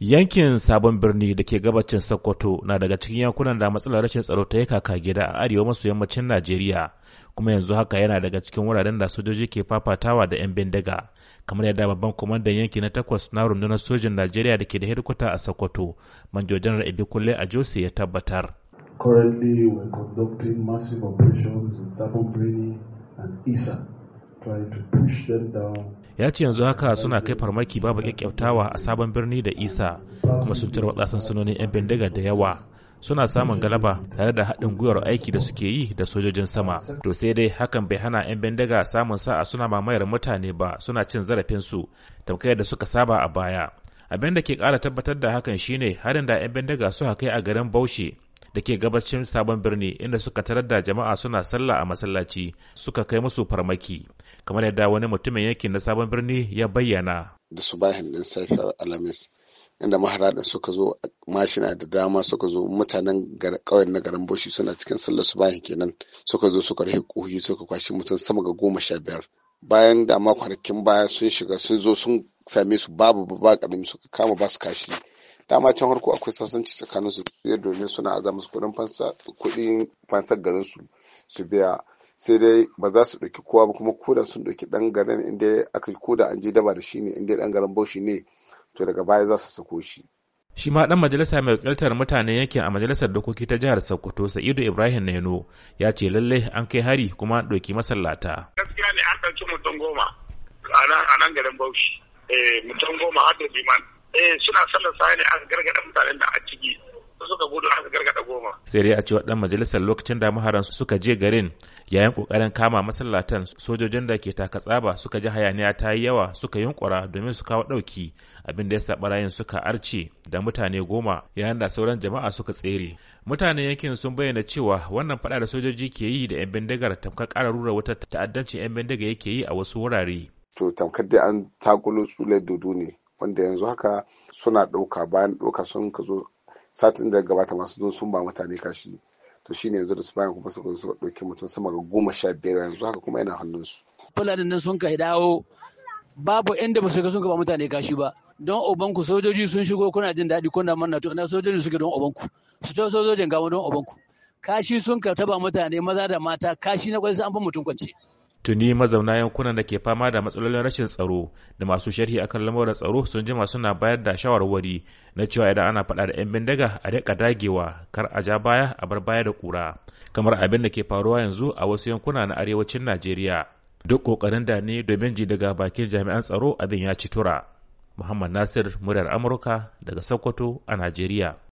Yankin Sabon Birni da ke gabacin Sokoto na daga cikin yankunan da matsalar rashin tsaro ta yi kaka gida a arewa maso yammacin Najeriya, kuma yanzu haka yana daga cikin wuraren da sojoji ke fafatawa da 'yan bindiga, kamar yadda babban kwamandan yanki na takwas na rundunar sojin Najeriya da ke da hedikwata a Sokoto, Manjo Janar kulle a Jose ya tabbatar. Currently we conducting massive operations in Sabon Birni and Isa. ya ce yanzu haka suna kai farmaki babu kyakkyautawa a sabon birni da isa kuma sun tarwatsa sansanonin 'yan bindiga da yawa suna samun galaba tare da haɗin gwiwar aiki da suke yi da sojojin sama to sai dai hakan bai hana 'yan bindiga samun sa'a suna mamayar mutane ba suna cin zarafinsu tamkar da suka saba a baya abin da ke ƙara tabbatar da hakan shine harin da 'yan bindiga suka kai a garin bauchi da ke gabashin sabon birni inda suka tarar da jama'a suna sallah a masallaci suka kai musu farmaki kamar yadda wani mutumin yankin na sabon birni ya bayyana da subahin din safiyar alhamis inda maharaɗin suka zo mashina da dama suka zo mutanen ƙauyen na garin boshi suna cikin sallar su bayan kenan suka zo suka rahe kuhi suka kwashi mutum sama ga goma sha biyar bayan da ma kwanakin baya sun shiga sun zo sun same su babu ba ƙarami suka kama ba su kashi dama can harko akwai sasanci tsakanin su domin suna aza kudin kudin fansar garin su su biya sai dai ba za su ɗauki kowa ba kuma koda sun ɗauki ɗan garin inda aka koda an je daba da shi ne inda ɗan garin bauchi ne to daga baya za su sako shi. shi ma dan majalisa mai wakiltar mutane yankin a majalisar dokoki ta jihar sokoto sa'idu ibrahim naino ya ce lallai an kai hari kuma ɗauki masallata. gaskiya ne an ɗauki mutum goma a nan garin bauchi eh, mutum goma a da liman eh, suna sallar sa ne aka gargaɗa mutanen da a ciki suka gudu aka gargaɗa al'umma sai dai a cewa dan majalisar lokacin da maharan suka je garin yayin kokarin kama masallatan sojojin da ke taka tsaba suka ji hayaniya ta yi yawa suka yunkura domin su kawo ɗauki abin da ya sa barayin suka arce da mutane goma yayin da sauran jama'a suka tsere mutanen yankin sun bayyana cewa wannan fada da sojoji ke yi da yan bindigar tamkar ƙara rura wata ta'addancin yan bindiga yake yi a wasu wurare to tamkar dai an takulo tsule dodo ne wanda yanzu haka suna ɗauka bayan ɗauka sun ka zo satin da gabata masu zo sun ba mutane kashi to shine yanzu da su bayan kuma suka suka ɗauki mutum sama ga goma sha biyar yanzu haka kuma yana hannunsu. fulani nan sun kai dawo babu inda ba su ga sun ba mutane kashi ba don obanku sojoji sun shigo kuna jin daɗi kuna manna to ina sojoji suke don obanku su to sojojin gama don obanku kashi sun karta ba mutane maza da mata kashi na kwai sai an fi mutum kwance tuni mazauna yankunan da ke fama da matsalolin rashin tsaro da masu sharhi akan lamarin tsaro sun jima suna bayar da shawarwari na cewa idan ana faɗa da 'yan bindiga a riƙa dagewa kar a ja baya a bar baya da kura kamar abin da ke faruwa yanzu a wasu yankuna na arewacin najeriya duk ƙoƙarin da ne domin ji daga bakin jami'an tsaro abin ya ci tura muhammad nasir muryar amurka daga sokoto a najeriya